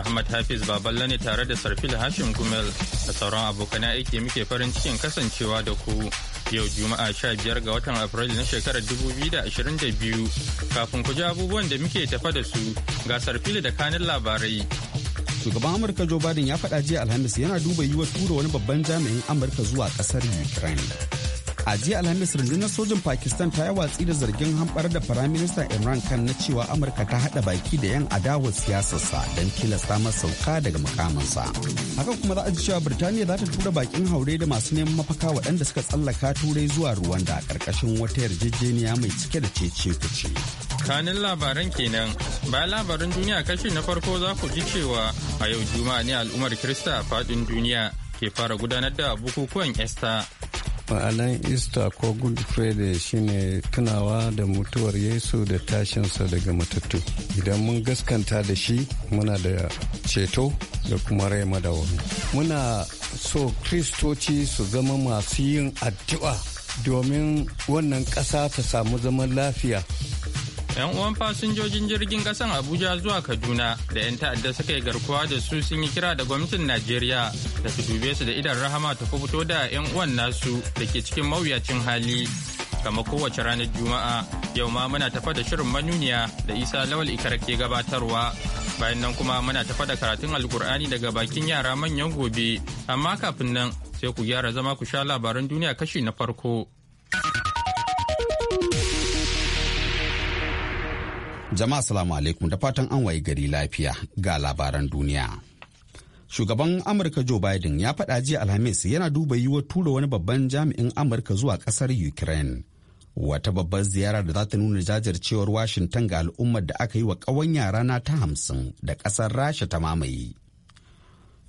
Muhammad Hafiz Baballa ne tare da Sarfil Hashim Gumel da sauran abokan aiki muke farin cikin kasancewa da ku yau Juma'a 15 ga watan Afrilu na shekarar 2022 kafin ku ji abubuwan da muke tafa da su ga Sarfil da kanin labarai. Shugaban Amurka Joe Biden ya faɗa jiya Alhamis yana duba yiwuwar tura wani babban jami'in Amurka zuwa ƙasar Ukraine. a jiya alhamis rundunar sojin pakistan ta yi watsi da zargin hamɓar da firaministan imran kan na cewa amurka ta hada baki da 'yan adawar siyasarsa don tilasta masa sauka daga mukaminsa haka kuma za a ji cewa birtaniya za ta tura bakin haure da masu neman mafaka waɗanda suka tsallaka turai zuwa ruwanda ƙarƙashin wata yarjejeniya mai cike da cece kuce kanin labaran kenan bayan labaran duniya kashi na farko za ku ji cewa a yau juma'a ne al'ummar kirista a faɗin duniya ke fara gudanar da bukukuwan esta ma'anan easter ko good friday shine tunawa da mutuwar yesu da tashinsa daga matattu idan mun gaskanta da shi muna da ceto da kuma rai madawami muna so kristoci su zama masu yin addu'a domin wannan ƙasa ta samu zaman lafiya 'yan uwan fasinjojin jirgin kasan abuja zuwa kaduna da 'yan ta'adda suka yi garkuwa da su sun yi kira da gwamnatin najeriya da su dube su da idan rahama ta fito da 'yan uwan nasu da ke cikin mawuyacin hali kama kowace ranar juma'a yau ma muna tafa da shirin manuniya da isa lawal ikar ke gabatarwa bayan nan kuma muna tafa da karatun alkur'ani daga bakin yara manyan gobe amma kafin nan sai ku gyara zama ku sha labaran duniya kashi na farko Jama'a salamu alaikum da fatan an waye gari lafiya ga labaran duniya. Shugaban Amurka Joe Biden ya faɗa jiya Alhamis yana duba yiwuwar tura wani babban jami'in Amurka zuwa ƙasar Ukraine. Wata babbar ziyara da za ta nuna jajircewar Washington ga al'ummar da aka yi wa ƙawanya rana ta hamsin da ƙasar Rasha ta mamaye.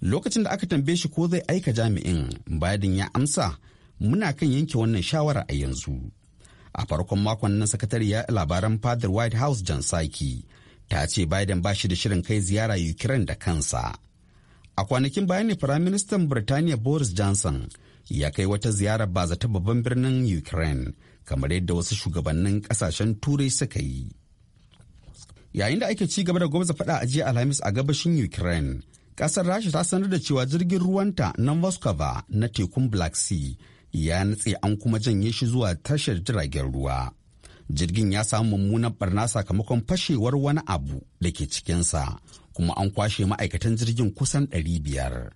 Lokacin da aka tambaye shi ko zai aika jami'in, Biden ya amsa, muna kan yanke wannan shawara a yanzu. a farkon makon nan sakatariya labaran fadar white house john saki ta ce biden ba shi da shirin kai ziyara ukraine da kansa a kwanakin bayan ne firaministan birtaniya boris johnson ya kai wata ziyara ba zata babban birnin ukraine kamar yadda wasu shugabannin kasashen turai suka yi yayin da ake ci gaba da gwamza faɗa a jiya alhamis a gabashin ukraine kasar rasha ta sanar da cewa jirgin ruwanta na moskova na tekun black sea ya nutse an kuma janye shi zuwa tashar jiragen ruwa jirgin ya samu mummunan barna sakamakon fashewar wani abu da ke cikinsa kuma an kwashe ma'aikatan jirgin kusan ɗari biyar.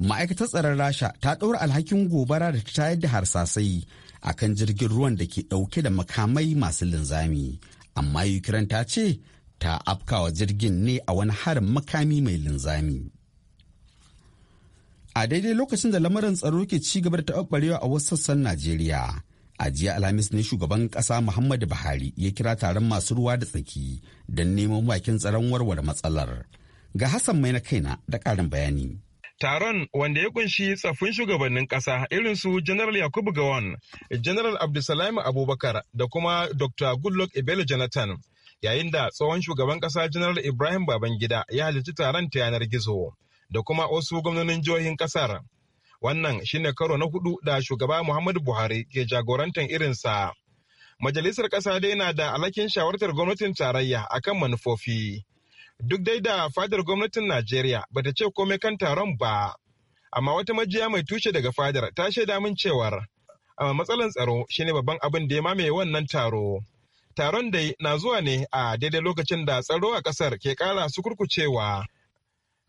ma'aikatar tsaron rasha ta ɗaura alhakin gobara da ta tayar da harsasai a kan jirgin ruwan da ke ɗauke da makamai masu linzami amma ukraine ta ce ta afkawa jirgin ne a wani harin makami mai linzami a daidai lokacin da lamarin tsaro ke ci gaba da taɓaɓɓarewa a wasu sassan najeriya a jiya alhamis ne shugaban ƙasa muhammadu buhari ya kira taron masu ruwa da tsaki don neman bakin tsaron warware matsalar ga hassan mai na kaina da ƙarin bayani taron wanda ya kunshi tsaffin shugabannin ƙasa irin su General Yakubu Gawon, General Abdulsalam Abubakar da kuma Dr. Goodluck Ibele Jonathan. Yayin da tsohon shugaban ƙasa General Ibrahim Babangida ya halarci taron ta yanar gizo. da kuma wasu gwamnonin jihohin kasar. Wannan shine karo na hudu da shugaba Muhammadu Buhari ke jagorantar irinsa. Majalisar ƙasa dai na da alhakin shawartar gwamnatin tarayya akan manufofi. Duk dai da fadar gwamnatin Najeriya ba ta ce komai kan taron ba. Amma wata majiya mai tushe daga fadar ta shaida min cewar amma matsalan tsaro shine babban abin da ya mamaye wannan taro. Taron dai na zuwa ne a daidai lokacin da tsaro a ƙasar ke ƙara su kurkucewa.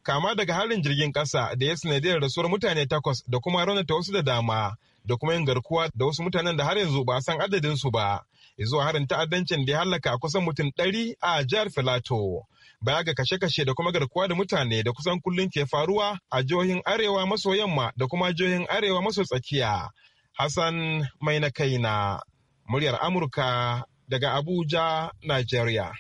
kama daga harin jirgin kasa da ya sanadiyar rasuwar mutane takwas da kuma raunata wasu da dama da kuma yin garkuwa da wasu mutanen da har yanzu ba san adadin su ba Izo harin ta'addancin da ya halaka kusan mutum ɗari a jihar filato baya ga kashe-kashe da kuma garkuwa da mutane da kusan kullum ke faruwa a jihohin arewa maso yamma da kuma jihohin arewa maso tsakiya hassan mai na kaina muryar amurka daga abuja nigeria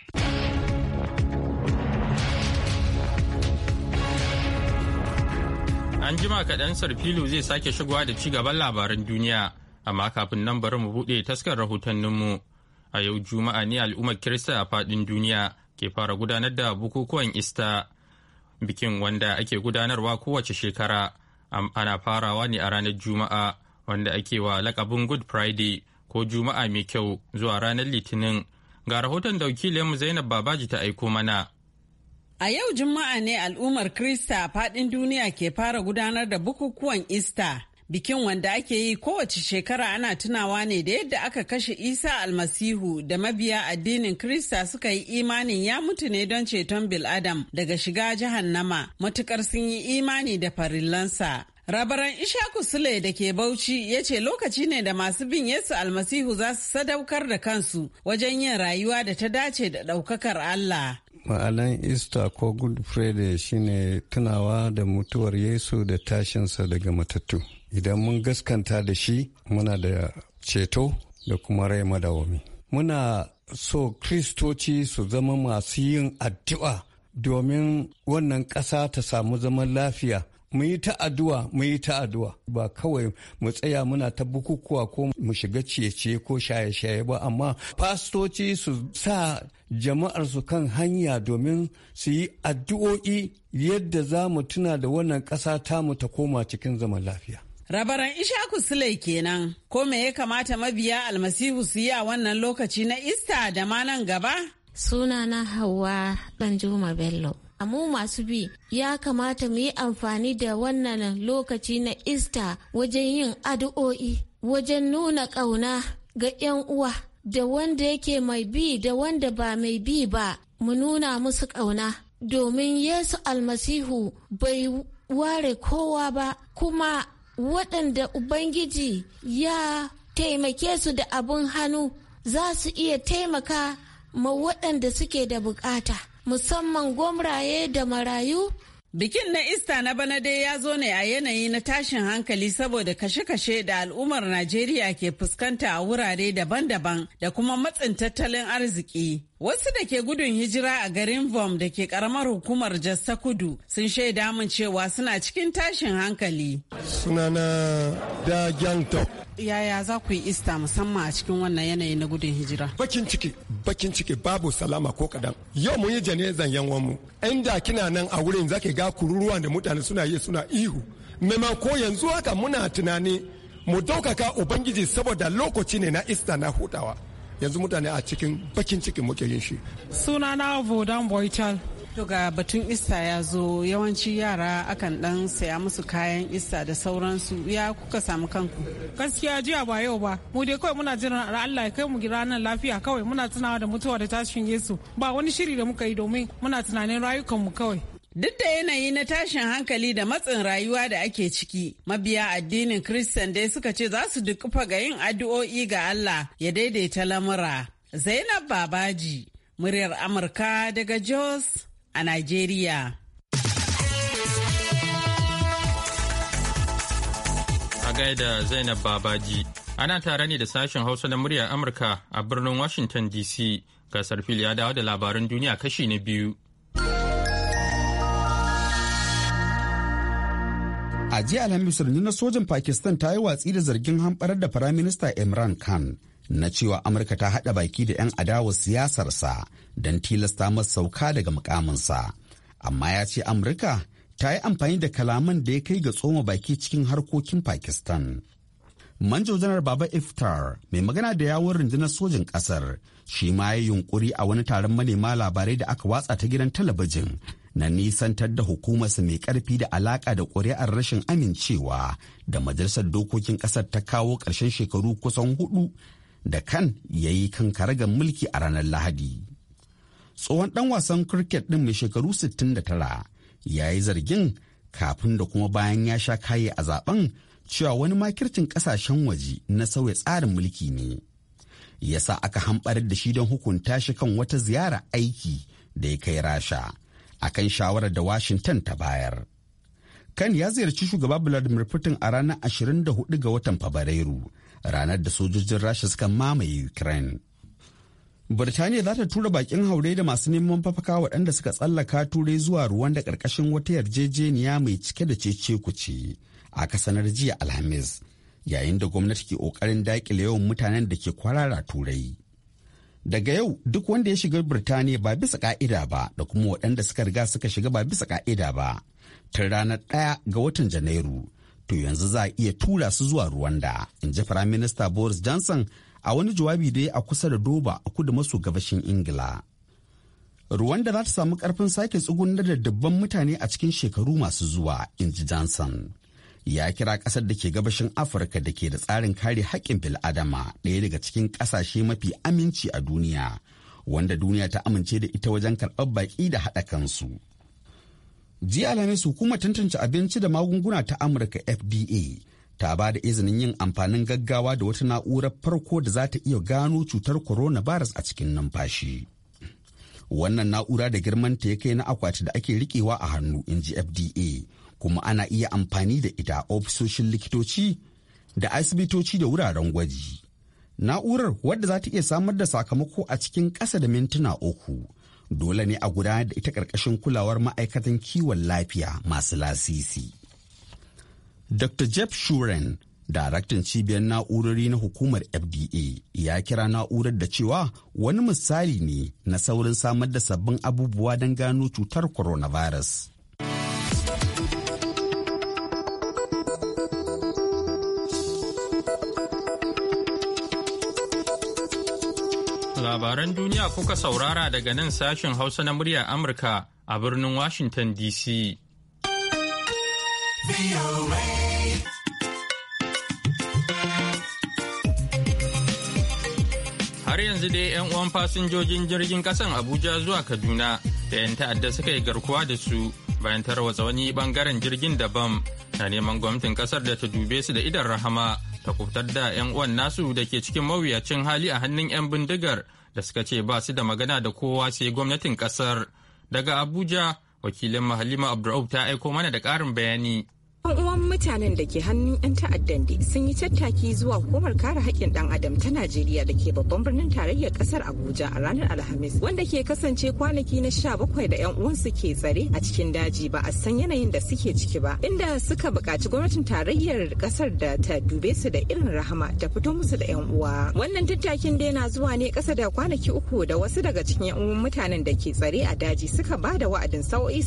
An jima kaɗan Sarfilu zai sake shigowa da ci gaban labaran duniya, amma kafin nan bari mu buɗe taskar rahotanninmu. A yau Juma'a ne al'ummar Kirista a faɗin duniya ke fara gudanar da bukukuwan Ista, bikin wanda ake gudanarwa kowace shekara. Ana farawa ne a ranar Juma'a, wanda ake wa lakabin Good Friday ko Juma'a mai kyau zuwa ranar Litinin. Ga rahoton da wakilinmu Zainab Babaji ta aiko mana. A yau Juma'a ne al'ummar Krista a faɗin duniya ke fara gudanar da bukukuwan Ista. Bikin wanda ake yi kowace shekara ana tunawa ne da yadda aka kashe Isa almasihu da mabiya addinin Krista suka yi imanin ya mutu ne don ceton Bil'adam daga shiga Nama? matukar sun yi imani da farillansa. Rabaran Ishaku Sule da ke Bauchi ya ce lokaci ne da masu bin Yesu almasihu za su sadaukar da kansu wajen yin rayuwa da ta dace da ɗaukakar Allah. ma'alan Easter ko Good Friday shine tunawa da mutuwar Yesu da tashinsa daga matattu. Idan mun gaskanta da shi muna da ceto da kuma rai madawami. Muna so Kristoci su zama masu yin addu'a domin wannan ƙasa ta samu zaman lafiya. mu yi ta addu'a mu yi ta addu'a ba kawai mu tsaya muna ta bukukuwa ko mu shiga ciye-ciye ko shaye-shaye ba amma fastoci su sa jama'arsu kan hanya domin su yi addu'o'i yadda za mu tuna da wannan ƙasa ta mu ta koma cikin zaman lafiya. Rabaran Ishaku Sulai kenan, ko me ya kamata mabiya almasihu su yi a wannan lokaci na Ista da ma nan gaba? Sunana Hauwa ɗanjuma Bello. mu masu bi ya kamata mu yi amfani da wannan lokaci na Ista wajen yin addu'o'i, wajen nuna ƙauna ga 'yan uwa. da wanda yake mai bi da wanda ba mai bi ba mu nuna musu ƙauna domin Yesu almasihu bai ware kowa ba kuma waɗanda Ubangiji ya taimake su da abin hannu za su iya taimaka ma waɗanda suke da bukata musamman gwamraye da marayu Bikin na Ista na bana dai ya zo ne a yanayi na tashin hankali saboda kashe-kashe da al'ummar Najeriya ke fuskanta a wurare daban-daban da kuma matsin tattalin arziki. Wasu da ke gudun hijira a garin Vom da ke karamar hukumar Jasta Kudu sun shaida min cewa suna cikin tashin hankali. Sunana da Gyantok. Yaya za ku yi ista musamman a cikin wannan yanayi na gudun hijira? Bakin ciki, bakin ciki babu salama ko kadan. Yau mun yi janezan yanwan mu. Inda kina nan a wurin zaki ga kururuwa da mutane suna yi suna ihu. ko yanzu haka muna tunani mu daukaka Ubangiji saboda lokaci ne na ista na hutawa. yanzu mutane a cikin bakin cikin muke yin shi na vodan boital To ga batun isa ya zo yawanci yara akan dan saya musu kayan isa da sauransu ya kuka samu kanku. Gaskiya jiya ba yau ba mu dai kawai muna jiran Allah ya kai mu ranar lafiya kawai muna tunawa da mutuwa da tashin Yesu ba wani shiri da muka yi domin muna tunanin rayukanmu kawai. Duk da yanayi na tashin hankali da matsin rayuwa da ake ciki, mabiya addinin Kiristan dai suka ce za su dukufa ga yin addu'o'i ga Allah ya daidaita lamura. Zainab Babaji, muryar Amurka daga Jos a Najeriya. A gaida Zainab Babaji, ana tare ne da sashen Hausa na muryar Amurka a birnin Washington DC. Gasar fili ya dawo da labarin duniya kashi na biyu. a jiya alhamis na sojan pakistan ta yi watsi da zargin hamɓarar da firaminista imran khan na cewa amurka ta haɗa baki da 'yan adawa siyasarsa don tilasta masa sauka daga mukaminsa amma ya ce amurka ta yi amfani da kalaman da ya kai ga tsoma baki cikin harkokin pakistan manjo janar baba iftar mai magana da yawon rundunar sojin kasar shi ma ya yunkuri a wani taron manema labarai da aka watsa ta gidan talabijin na nisantar da hukumarsa mai karfi da alaka da ƙuri'ar rashin amincewa da majalisar dokokin ƙasar ta kawo ƙarshen shekaru kusan hudu da kan ya yi kan karagar mulki a ranar lahadi tsohon ɗan wasan kirket ɗin mai shekaru 69 ya yi zargin kafin da kuma bayan ya sha kaye a zaben cewa wani makircin ƙasashen waje na sauya tsarin mulki ne ya sa aka hambar da shi don hukunta shi kan wata ziyara aiki da ya kai rasha a kan shawarar da Washington ta bayar. Kan ya ziyarci shugaba Vladimir Putin a ranar 24 ga watan Fabrairu, ranar da sojojin Rasha suka mamaye Ukraine. Birtaniya za ta tura bakin haure da masu neman fafaka waɗanda suka tsallaka turai zuwa ruwan da ƙarƙashin wata yarjejeniya mai cike da cece kuce a kasanar jiya Alhamis, yayin da gwamnati ke ƙoƙarin daƙile yawan mutanen da ke kwarara turai. daga yau duk wanda ya shiga birtaniya ba bisa ka'ida ba da kuma waɗanda suka riga suka shiga ba bisa ka'ida ba tun ranar ɗaya ga watan janairu to yanzu za a iya tura su zuwa Rwanda. in ji firaminista boris johnson a wani jawabi da ya a kusa da doba a kudu maso gabashin ingila Rwanda za ta samu ƙarfin sake tsugunar da dubban mutane a cikin shekaru masu zuwa, in ji Johnson. ya kira ƙasar da ke gabashin afirka da ke da tsarin kare haƙƙin bil'adama ɗaya daga cikin ƙasashe mafi aminci a duniya wanda duniya ta amince da ita wajen karɓar baƙi da haɗa kansu jiya alhamis hukumar tantance abinci da magunguna ta amurka fda ta ba da izinin yin amfanin gaggawa da wata na'urar farko da za ta iya gano cutar corona coronavirus a cikin numfashi. wannan na'ura da girmanta ya kai na akwati da ake rikewa a hannu in ji fda kuma ana iya amfani da ita ofisoshin likitoci da asibitoci da wuraren gwaji. Na'urar wadda za ta iya samar da sakamako a cikin ƙasa da mintuna uku. Dole ne a gudanar da ita ƙarƙashin kulawar ma'aikatan kiwon lafiya masu lasisi. Dr. Jeff Shuren, daraktan cibiyar na'urori na hukumar FDA, ya kira na'urar da cewa wani misali ne na saurin samar da sabbin abubuwa don gano cutar coronavirus. labaran duniya kuka saurara daga nan sashen Hausa na murya Amurka a birnin Washington DC. Har yanzu dai 'yan uwan fasinjojin jirgin kasan Abuja zuwa Kaduna da 'yan ta'adda suka yi garkuwa da su bayan tarwatsa wani bangaren jirgin daban na neman gwamnatin kasar da ta dube su da idan rahama ta kubtar da 'yan uwan nasu da ke cikin mawuyacin hali a hannun 'yan bindigar da suka ce ba su da magana da kowa sai gwamnatin kasar daga abuja wakilin mahalima abdur'aub ta aiko mana da ƙarin bayani yawan mutanen da ke hannun 'yan ta'addan da sun yi tattaki zuwa hukumar kare haƙƙin ɗan adam ta Najeriya da ke babban birnin tarayyar ƙasar Abuja a ranar Alhamis wanda ke kasance kwanaki na sha bakwai da 'yan uwansu ke tsare a cikin daji ba a san yanayin da suke ciki ba inda suka buƙaci gwamnatin tarayyar ƙasar da ta dube su da irin rahama ta fito musu da 'yan uwa. Wannan tattakin dai na zuwa ne ƙasa da kwanaki uku da wasu daga cikin 'yan uwan mutanen da ke tsare a daji suka ba da wa'adin sa'o'i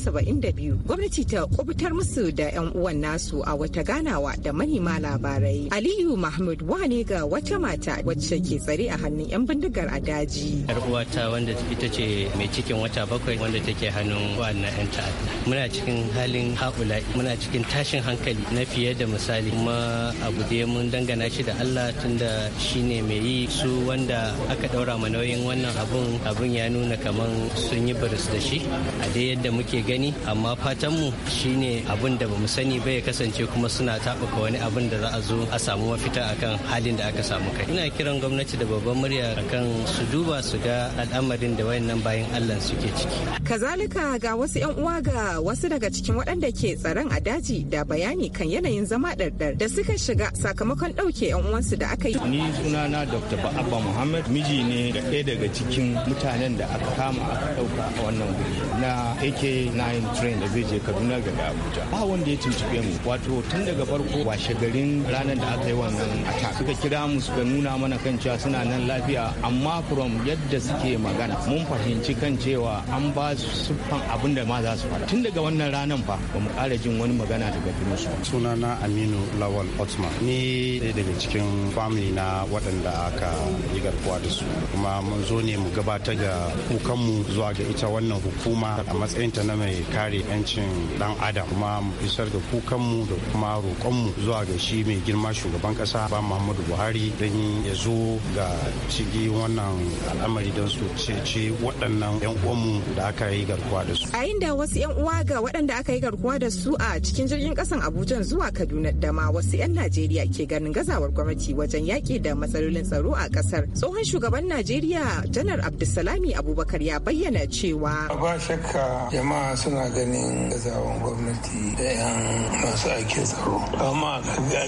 biyu gwamnati ta kubutar musu da 'yan uwan nasu su a wata ganawa da manema labarai. Aliyu Mahmud wane ga wata mata wacce ke tsare a hannun 'yan bindigar a daji. Yar uwata wanda ita ce mai cikin wata bakwai wanda take hannun wa'annan 'yan ta'adda. Muna cikin halin haƙula muna cikin tashin hankali na fiye da misali kuma abu da mun dangana shi da Allah tunda shi ne mai yi su wanda aka ɗaura ma nauyin wannan abun abun ya nuna kaman sun yi baris da shi a dai yadda muke gani amma fatanmu shine abun da mu sani ba ya kasance kuma suna taɓuka wani abin da za a zo a samu mafita akan halin da aka samu kai ina kiran gwamnati da babban murya akan su duba su ga al'amarin da wayannan bayan allah suke ciki kazalika ga wasu yan uwa ga wasu daga cikin waɗanda ke tsaron a daji da bayani kan yanayin zama ɗarɗar da suka shiga sakamakon ɗauke yan uwansu da aka yi ni sunana dr ba'abba muhammad miji ne da ɗaya daga cikin mutanen da aka kama aka ɗauka a wannan wuri na ak9 train da zai je kaduna ga abuja ba wanda ya tuntuɓe mu wato tun daga farko washe garin ranar da aka yi wannan ata suka kira mu suka nuna mana kan cewa suna nan lafiya amma from yadda suke magana mun fahimci kan cewa an ba su siffan abin da ma za su faɗa tun daga wannan ranar fa ba mu ƙara jin wani magana daga su Suna na aminu lawal otman ni ɗaya daga cikin family na waɗanda aka yi garkuwa da su kuma mun zo ne mu gabatar da kukanmu zuwa ga ita wannan hukuma a matsayinta na mai kare 'yancin dan adam kuma mu isar da kukanmu da kuma roƙonmu zuwa ga shi mai girma shugaban ƙasa ba muhammadu buhari don ya zo ga cigi wannan al'amari don su cece waɗannan 'yan uwanmu da aka yi garkuwa da su a inda wasu 'yan uwa ga waɗanda aka yi garkuwa da su a cikin jirgin ƙasan abuja zuwa kaduna da ma wasu 'yan najeriya ke ganin gazawar gwamnati wajen yaƙi da matsalolin tsaro a ƙasar tsohon shugaban najeriya janar abdulsalami abubakar ya bayyana cewa ba shakka jama'a suna ganin gazawan gwamnati da 'yan masu ake tsaro amma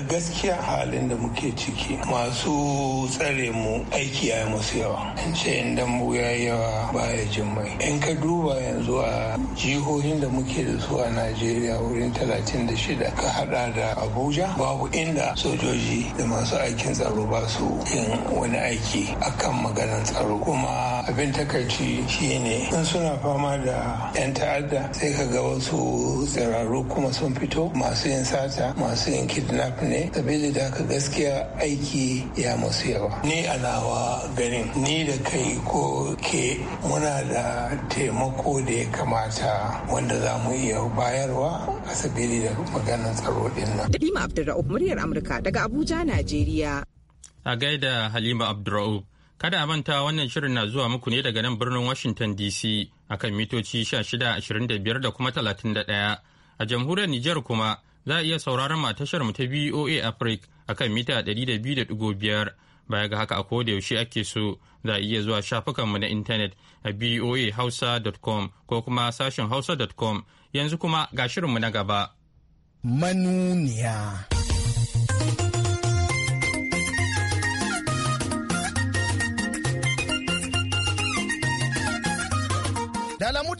gaskiya halin da muke ciki masu tsare mu aiki ya musu yawa in ce in dambu ya yawa baya jin mai in ka duba yanzu a jihohin da muke da su a najeriya wurin 36 ka hada da abuja babu inda sojoji da masu aikin tsaro ba su yin wani aiki akan maganar tsaro kuma abin takaici ne. in suna fama da 'yan ta'adda sai ka ga wasu tsiraru kuma sun fito masu yin sata masu yin kidnap ne sabili da haka gaskiya aiki ya masu yawa ni alawa ganin ni da kai ko ke muna da taimako da ya kamata wanda za mu iya bayarwa a sabili da maganar tsaro din nan. Halima Abdurra'u muryar Amurka daga Abuja, Najeriya. A gaida Halima Abdurra'u. Kada a manta wannan shirin na zuwa muku ne daga nan birnin Washington DC akan mitoci 1625 da kuma 31. A jamhuriyar Nijar kuma za a iya sauraron matashar mu ta BOA Africa akan mita 200.5 baya ga haka a koda yaushe ake so za a iya zuwa shafukanmu na intanet a boahausa.com ko kuma sashen hausa.com yanzu kuma ga shirinmu na gaba. Manuniya. ya lamu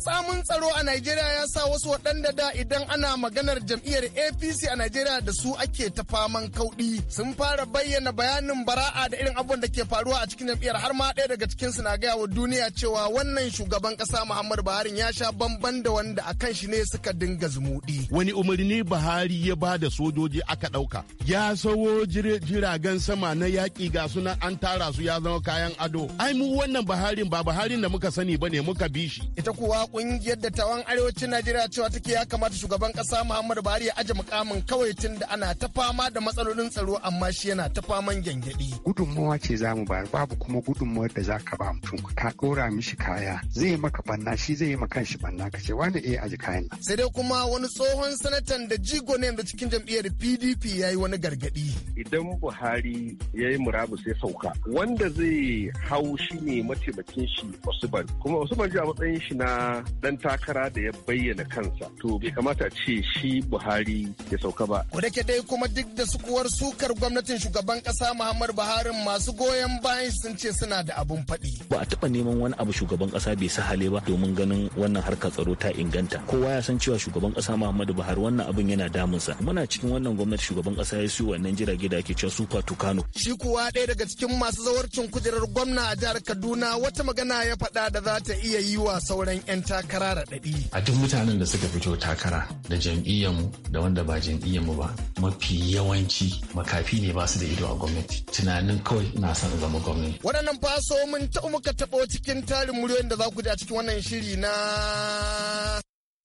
tsamin tsaro a Najeriya ya sa wasu waɗanda da idan ana maganar jam'iyyar APC a Najeriya da su ake ta faman kauɗi sun fara bayyana bayanin bara'a da irin abubuwan da ke faruwa a cikin jam'iyyar har ma ɗaya daga cikin su na gaya wa duniya cewa wannan shugaban kasa Muhammadu Buhari ya sha bamban da wanda a kan shi ne suka dinga zumuɗi. Wani umarni Buhari ya ba da sojoji aka ɗauka. Ya sawo jiragen sama na yaki ga suna an tara su ya zama kayan ado. Ai mu wannan Buharin ba Buharin da muka sani ba ne muka bi shi. Ita kuwa kungiyar tawan arewacin Najeriya cewa take ya kamata shugaban kasa Muhammadu Buhari ya aje mukamin kawai tun da ana ta fama da matsalolin tsaro amma shi yana ta faman gyangyaɗi. Gudunmawa ce za mu bayar babu kuma gudunmawar da za ka ba mutum ka ɗora mishi kaya zai maka banna shi zai maka kanshi banna ka ce wani eh aji kayan. Sai dai kuma wani tsohon sanatan da jigo ne da cikin jam'iyyar PDP ya yi wani gargaɗi. Idan Buhari ya yi murabus ya sauka wanda zai hau shi ne mataimakin shi Osman kuma Osman ji a matsayin shi na dan takara da ya bayyana kansa to bai kamata ce shi buhari ya sauka ba ko dake dai kuma duk da sukuwar sukar gwamnatin shugaban kasa muhammadu buhari masu goyon bayan sun ce suna da abun faɗi ba a taɓa neman wani abu shugaban kasa bai sa hale ba domin ganin wannan harkar tsaro ta inganta kowa ya san cewa shugaban kasa muhammadu buhari wannan abin yana damunsa muna cikin wannan gwamnati shugaban kasa ya siyo wannan jirage gida ake cewa super tukano shi kuwa ɗaya daga cikin masu zawarcin kujerar gwamna a jihar kaduna wata magana ya faɗa da za ta iya yi wa sauran 'yan takara da raɗaɗi. A duk mutanen da suka fito takara da jam'iyyar mu da wanda ba jam'iyyar mu ba mafi yawanci makafi ne ba su da ido a gwamnati. Tunanin kawai na son zama gwamnati. Waɗannan faso mun taɓa muka taɓo cikin tarin muryoyin da za ku a cikin wannan shiri na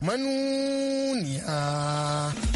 manuniya.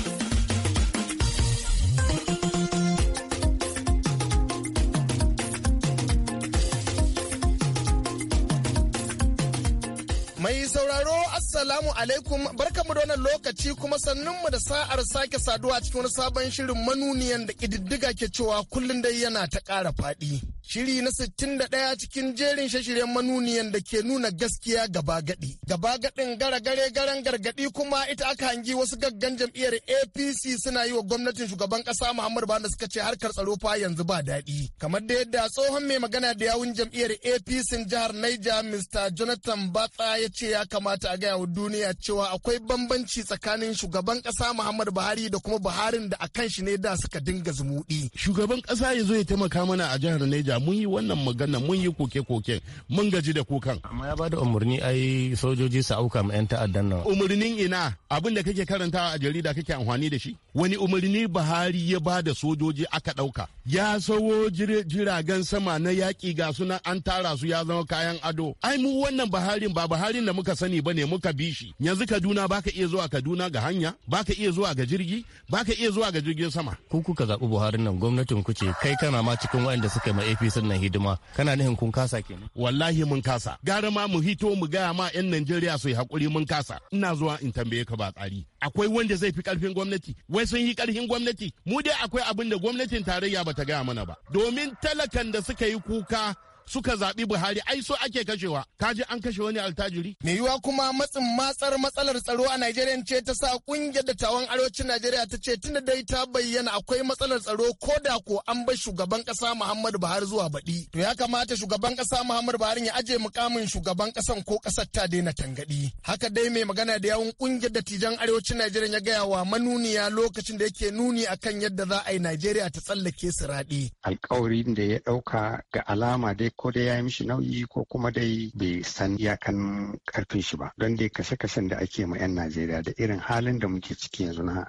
sauraro Assalamu alaikum barkamu da wannan lokaci kuma sannunmu da sa'ar sake saduwa cikin wani sabon shirin manuniyan da ƙididdiga ke cewa kullum dai yana ta ƙara faɗi. shiri na 61 cikin jerin shashiryen manuniyan da ke nuna gaskiya gaba gadi. Gaba gadin gare garan gargadi kuma ita aka hangi wasu gaggan jam'iyyar APC suna yi wa gwamnatin shugaban ƙasa Muhammadu Buhari da suka ce harkar tsaro fa yanzu ba daɗi. Kamar da yadda tsohon mai magana da yawun jam'iyyar APC jihar Niger Mr. Jonathan Batsa ya ce ya kamata a gaya wa duniya cewa akwai bambanci tsakanin shugaban ƙasa Muhammadu Buhari da kuma Buharin da akan shi ne da suka dinga zumuɗi. Shugaban ƙasa ya zo ya taimaka mana a jihar Niger mun yi wannan magana mun yi koke-koke mun gaji da kukan. Amma ya bada umarni ai sojoji su auka ma 'yan ta'addan nan. Umarnin ina abin da kake karanta a jarida kake amfani da shi. Wani umarni Buhari ya bada sojoji aka ɗauka. Ya sawo jiragen sama na yaƙi ga suna an tara su ya zama kayan ado. Ai mu wannan Buharin ba Buharin da muka sani ba ne muka bi shi. Yanzu Kaduna baka iya zuwa Kaduna ga hanya, baka iya zuwa ga jirgi, baka iya zuwa ga jirgin sama. Ku kuka zaɓi buharin nan gwamnatin ku ce kai kana ma cikin waɗanda suka ma APC majalisar nan hidima kana nihin kun kasa kenan wallahi mun kasa gara ma mu hito mu gaya ma yan najeriya su yi hakuri mun kasa ina zuwa in tambaye ka ba tsari akwai wanda zai fi karfin gwamnati wai sun yi karfin gwamnati mu dai akwai abin da gwamnatin tarayya bata gaya mana ba domin talakan da suka yi kuka suka zaɓi Buhari ai so ake kashewa kaji an kashe wani altajiri. Me yiwa kuma matsin matsar matsalar tsaro a Najeriya ce ta sa kungiyar dattawan arewacin Najeriya ta ce tunda dai ta bayyana akwai matsalar tsaro ko da ko an bar shugaban kasa Muhammadu Buhari zuwa baɗi. To ya kamata shugaban ƙasa Muhammadu Buhari ya aje mukamin shugaban kasan ko kasar ta daina tangadi. Haka dai mai magana da yawan kungiyar dattijan arewacin Najeriya ya gaya wa manuniya lokacin da yake nuni akan yadda za a yi Najeriya ta tsallake siraɗi. Alkawarin da ya ɗauka ga alama dai ko dai ya yi mishi nauyi ko kuma dai bai san iyakan karfin shi ba don dai kashe-kashen da ake ma 'yan najeriya da irin halin da muke ciki yanzu na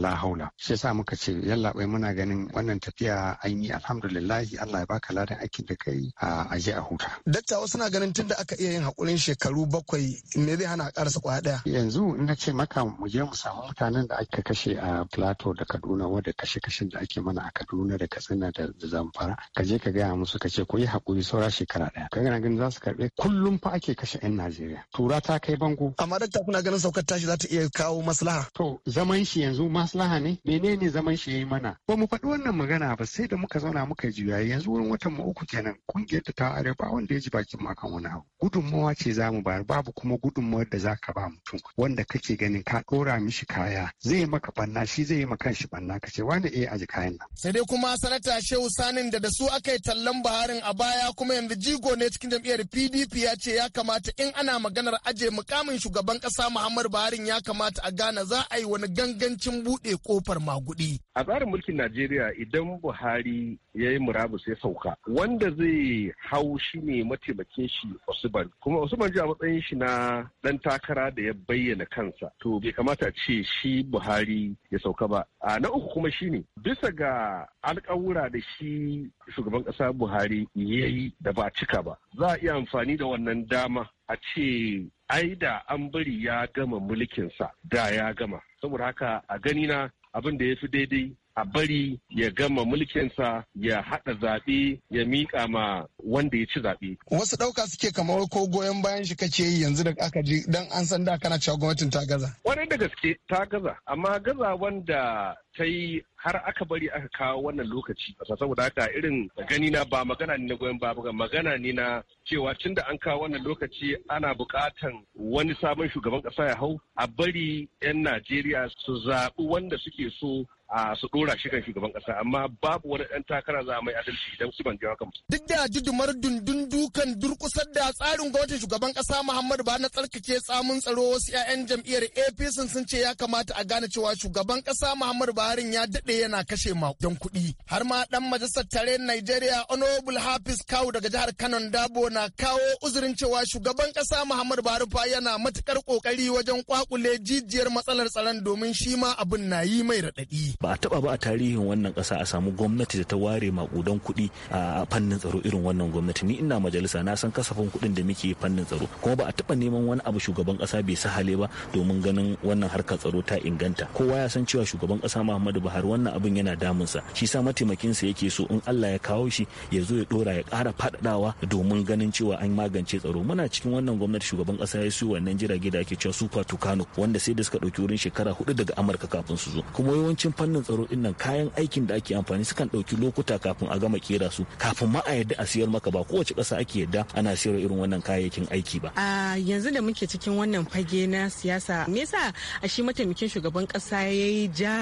lahaula shi yasa muka ce yalla bai muna ganin wannan tafiya an yi alhamdulillahi allah ya baka ladan aikin da kai a je a huta dakta wasu na ganin tunda aka iya yin hakurin shekaru bakwai me zai hana karasa kwaya daya yanzu na ce maka mu je mu samu mutanen da aka kashe a plateau da kaduna wanda kashe-kashen da ake mana a kaduna da katsina da zamfara ka je ka gaya musu ka ce ku yi hakuri saura shekara ɗaya kai ganin ganin za su karɓe kullum fa ake kashe 'yan najeriya tura ta kai bango amma ta kuna ganin saukar tashi za ta iya kawo maslaha to zaman shi yanzu maslaha ne menene zaman shi yayi mana ba mu faɗi wannan magana ba sai da muka zauna muka juya yanzu wurin watan mu uku kenan kungiyar ta ta ba wanda ya ji bakin kan wani abu gudunmawa ce za mu bayar babu kuma gudunmawar da za ka ba mutum wanda kake ganin ka ɗora mishi kaya zai maka banna shi zai yi maka shi banna ka ce wani eh ji kayan nan sai dai kuma sanata shehu sanin da da su aka yi tallan baharin a baya kuma yanzu jigo ne cikin jam'iyyar pdp ya ce ya kamata in ana maganar aje mukamin shugaban kasa muhammadu buhari ya kamata a gana za a yi wani gangancin buɗe kofar magudi a tsarin mulkin najeriya idan buhari ya yi murabus ya sauka wanda zai hau shi ne mataimakin shi Usman kuma Usman ji a matsayin shi na dan takara da ya bayyana kansa to bai kamata ce shi Buhari ya sauka ba a na uku kuma shi ne. bisa ga alkawura da shi shugaban ƙasa Buhari ya yi da ba cika ba za a iya amfani da wannan dama a ce ai da an bari ya gama mulkinsa da ya gama saboda haka a ganina abin da ya fi daidai a bari ya gama mulkinsa ya haɗa zaɓe ya miƙa ma wanda ya ci zaɓe. Wasu ɗauka suke kamar ko goyon bayan shi kake yi yanzu da aka ji dan an san da kana cewa gwamnatin ta gaza. Wani da gaske ta gaza amma gaza wanda ta yi har aka bari aka kawo wannan lokaci saboda haka irin gani na ba magana ne na goyon ba magana ne na cewa tun da an kawo wannan lokaci ana bukatan wani sabon shugaban kasa ya hau a bari 'yan najeriya su zaɓi wanda suke so a su dora shi kan shugaban kasa amma babu wani dan takara za a mai adalci idan su ban jawa duk da jidumar dundun dukan durkusar da tsarin gwamnatin shugaban kasa Muhammadu ba na tsarkake tsamin tsaro wasu 'ya'yan jam'iyyar APC sun ce ya kamata a gane cewa shugaban kasa Muhammadu ba labarin ya daɗe yana kashe maƙudan kuɗi. Har ma dan majalisar tare Nigeria Honorable Hafiz Kawu daga jihar Kano Dabo na kawo uzurin cewa shugaban kasa Muhammadu Buhari fa yana matukar kokari wajen kwakule jijiyar matsalar tsaron domin shi ma abin na yi mai raɗaɗi. Ba a taɓa ba a tarihin wannan kasa a samu gwamnati da ta ware maƙudan kuɗi a fannin tsaro irin wannan gwamnati. Ni ina majalisa na san kasafin kuɗin da muke fannin tsaro kuma ba a taɓa neman wani abu shugaban ƙasa bai sahale ba domin ganin wannan harkar tsaro ta inganta. Kowa ya san cewa shugaban ƙasa ma Muhammadu Buhari wannan abin yana damunsa shi sa mataimakinsa yake so in Allah ya kawo shi ya zo ya dora ya kara faɗaɗawa domin ganin cewa an magance tsaro muna cikin wannan gwamnati shugaban ƙasa ya siyo wannan jirage da ake cewa Super Tucano wanda sai da suka ɗauki wurin shekara hudu daga Amurka kafin su zo kuma yawancin fannin tsaro din nan kayan aikin da ake amfani sukan dauki lokuta kafin a gama kera su kafin ma a yadda a siyar maka ba kowace ƙasa ake yadda ana siyar irin wannan kayayyakin aiki ba. A yanzu da muke cikin wannan fage na siyasa me yasa a shi mataimakin shugaban ƙasa ya ja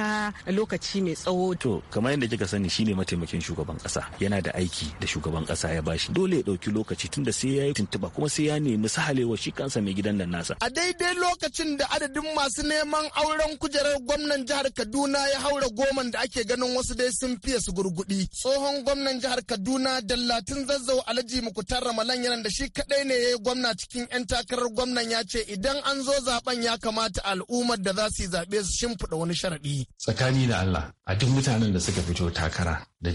lokaci mai tsawo. To kamar yadda kika sani shine mataimakin shugaban kasa yana da aiki da shugaban kasa ya bashi dole ya ɗauki lokaci tunda sai ya yi tuntuɓa kuma sai ya nemi sahalewa shi kansa mai gidan nan nasa. A daidai lokacin da adadin masu neman auren kujerar gwamnan jihar Kaduna ya haura goman da ake ganin wasu dai sun fiye su gurgudi. Tsohon gwamnan jihar Kaduna Dallatin Zazzau Alhaji Mukutar Ramalan yana da shi kaɗai ne ya yi gwamna cikin 'yan takarar gwamnan ya ce idan an zo zaben ya kamata al'ummar da za su yi zaɓe su shimfiɗa wani sharaɗi. tsakani da Allah a duk mutanen da suka fito takara da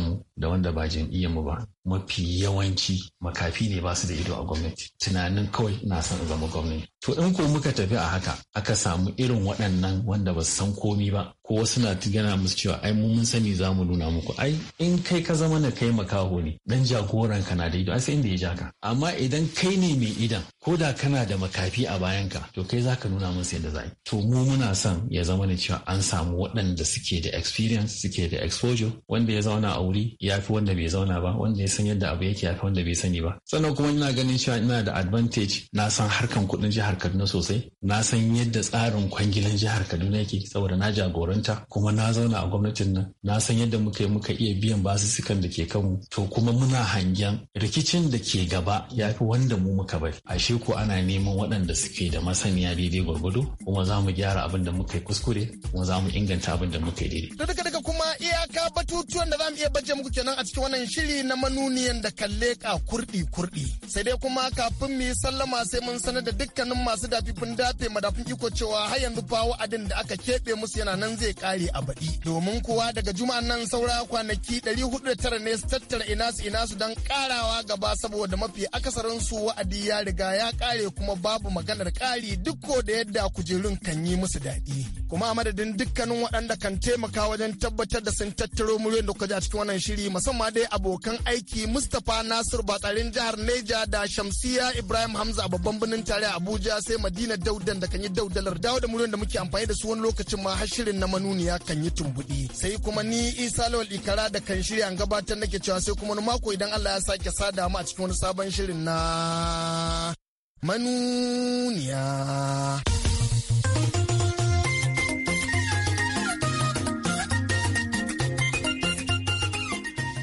mu da wanda ba mu ba mafi yawanci makafi ne ba su da ido a gwamnati tunanin kawai ina son zama gwamnati To in ko muka tafi a haka aka samu irin waɗannan wanda ba su san komi ba ko wasu na gana musu cewa ai mu mun sani za mu nuna muku ai in kai ka zama na kai makaho ne dan jagoran ka na da ido ai sai inda ya ja ka amma idan kai ne mai idan ko da kana da makafi a bayanka to kai za ka nuna musu yadda za to mu muna son ya zama na cewa an samu waɗanda suke da experience suke da exposure wanda ya zauna a wuri ya fi wanda bai zauna ba wanda ya san yadda abu yake ya fi wanda bai sani ba sannan kuma ina ganin cewa ina da advantage na san harkan kuɗin jihar jihar Kaduna sosai. Na san yadda tsarin kwangilan jihar Kaduna yake saboda na jagoranta kuma na zauna a gwamnatin nan. Na san yadda muka yi muka iya biyan basussukan da ke kanmu. To kuma muna hangen rikicin da ke gaba ya fi wanda mu muka bari. Ashe ko ana neman waɗanda suke da masaniya daidai gwargwado kuma za mu gyara abin da muka yi kuskure kuma za mu inganta abin da muka yi daidai. Daga daga kuma iyaka batutuwan da za mu iya baje muku kenan a cikin wannan shiri na manuniyan da kalle ka kurɗi kurɗi. Sai dai kuma kafin mu yi sallama sai mun sanar da dukkanin wajen masu dafifin dafe madafin iko cewa har yanzu fa wa'adin da aka keɓe musu yana nan zai kare a baɗi. Domin kuwa daga juma nan saura kwanaki 409 ne su tattara ina su ina su don karawa gaba saboda mafi akasarin su wa'adi ya riga ya kare kuma babu maganar kari duk ko da yadda kujerun kan yi musu daɗi. Kuma a madadin dukkanin waɗanda kan taimaka wajen tabbatar da sun tattaro miliyan da kwaje a cikin wannan shiri musamman dai abokan aiki Mustapha Nasiru Batsarin jihar Neja da Shamsiya Ibrahim Hamza a babban birnin tare Abuja. Abuja sai Madina Daudan da kan yi daudalar dawo da muryar da muke amfani da su wani lokacin ma har shirin na manuniya kan yi tumbuɗi. Sai kuma ni Isa Lawal Ikara da kan shirya an gabatar nake cewa sai kuma wani mako idan Allah ya sake sada mu a cikin wani sabon shirin na manuniya.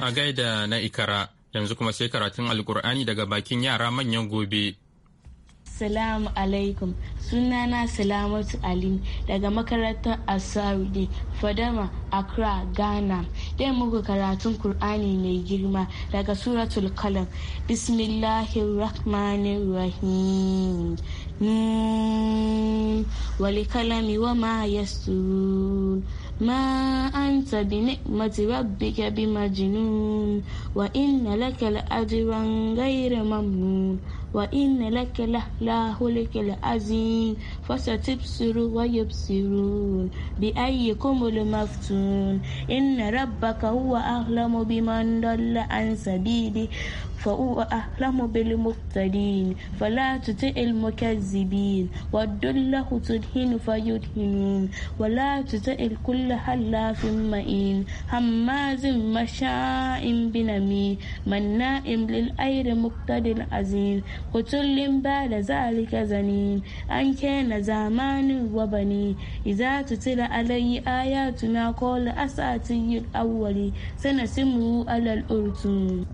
A gaida na Ikara yanzu kuma sai karatun Alkur'ani daga bakin yara manyan gobe. Assalamu alaikum sunana Salamatu Ali daga makarantar Asawide Fadama Accra Ghana dai muku karatun Kur'ani mai girma daga suratul kalam rahmanir Nun hmm. wali kalami wa ma yasturun ni'mati rabbika bi majnun wa inna lakal ajran ghayra mamnun wa inna laka la hulikil azim fasatibsiru wa yubsirun bi ayyikumul maftun inna rabbaka huwa ahlamu biman dalla an sabili فهو أعلم بالمفتدين فلا تطع المكذبين ود له تدهن فيدهنون ولا تطع كل حلاف مئين هماز مشاء بنميم مناء للأير مقتد عزيز kutullin ba da rike zani an kena zamanin wabani iza tu tila alayi aya tuna kola asatin yi awwali sana simu alal urtu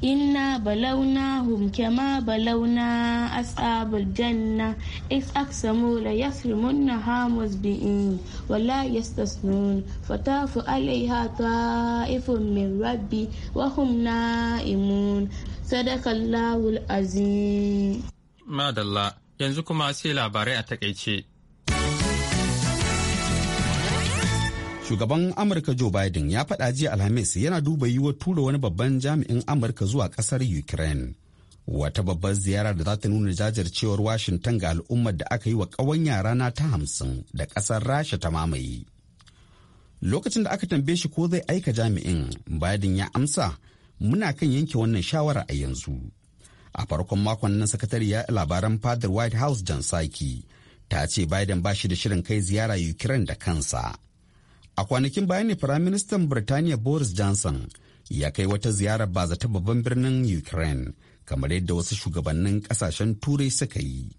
inna balauna hum kama balauna asabul janna is aksamu la yasrimunna hamus bi'i wa la yastasnun fatafu alaiha ta'ifun min rabbi wa hum na'imun sadakallahul azim madalla yanzu kuma sai labarai a takaice Shugaban Amurka Joe Biden ya faɗa jiya Alhamis yana duba yiwuwar tura wani babban jami'in Amurka zuwa ƙasar Ukraine. wata babbar ziyara da za ta nuna jajircewar washington ga al'ummar da aka yi wa ƙawanya rana ta hamsin da ƙasar rasha ta mamaye lokacin da aka tambaye shi ko zai aika jami'in biden ya amsa muna kan yanke wannan shawara a yanzu a farkon makon nan sakatariya labaran fadar white house jan saki ta ce biden ba shi da shirin kai ziyara ukraine da kansa a kwanakin baya ne firaministan birtaniya boris johnson ya kai wata ziyarar ba zata babban birnin ukraine kamar yadda wasu shugabannin kasashen turai suka yi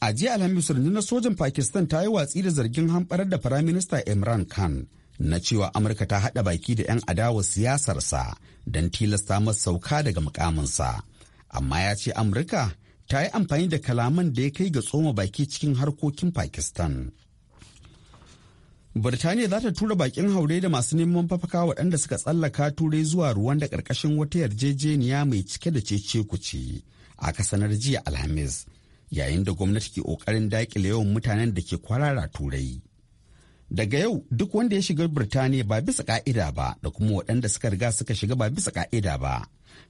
a jiya alhamis rundunar sojan pakistan ta yi watsi da zargin hamɓarar da firaminista imran khan na cewa amurka ta haɗa baki da 'yan adawa siyasarsa don tilasta masa sauka daga mukaminsa amma ya ce amurka ta yi amfani da kalaman da ya kai ga tsoma baki cikin harkokin pakistan Birtaniya za ta tura bakin haure da masu neman fafaka waɗanda suka tsallaka turai zuwa ruwan da ƙarƙashin wata yarjejeniya mai cike da cece kuce a kasanar jiya alhamis yayin da gwamnati ke ƙoƙarin daƙile yawan mutanen da ke kwarara turai daga yau duk wanda ya shiga birtaniya ba bisa ka'ida ba da kuma waɗanda suka riga suka shiga ba bisa ka'ida ba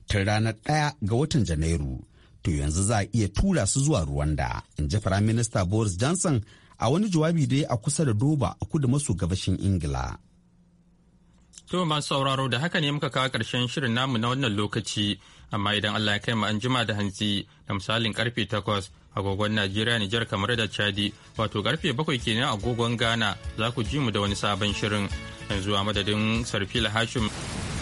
tun ranar ɗaya ga watan janairu to yanzu za a iya tura su zuwa ruwanda in ji firaminista boris johnson a wani jawabi da ya a kusa da doba a kudu maso gabashin ingila To masu sauraro da haka ne muka kawo ƙarshen shirin namu na wannan lokaci, amma idan Allah ya kai mu an jima da hanzi da misalin karfe takwas agogon Najeriya Nijar kamar da Chadi wato karfe bakwai kenan agogon Ghana za ku ji mu da wani sabon shirin yanzu a madadin Sarfila Hashim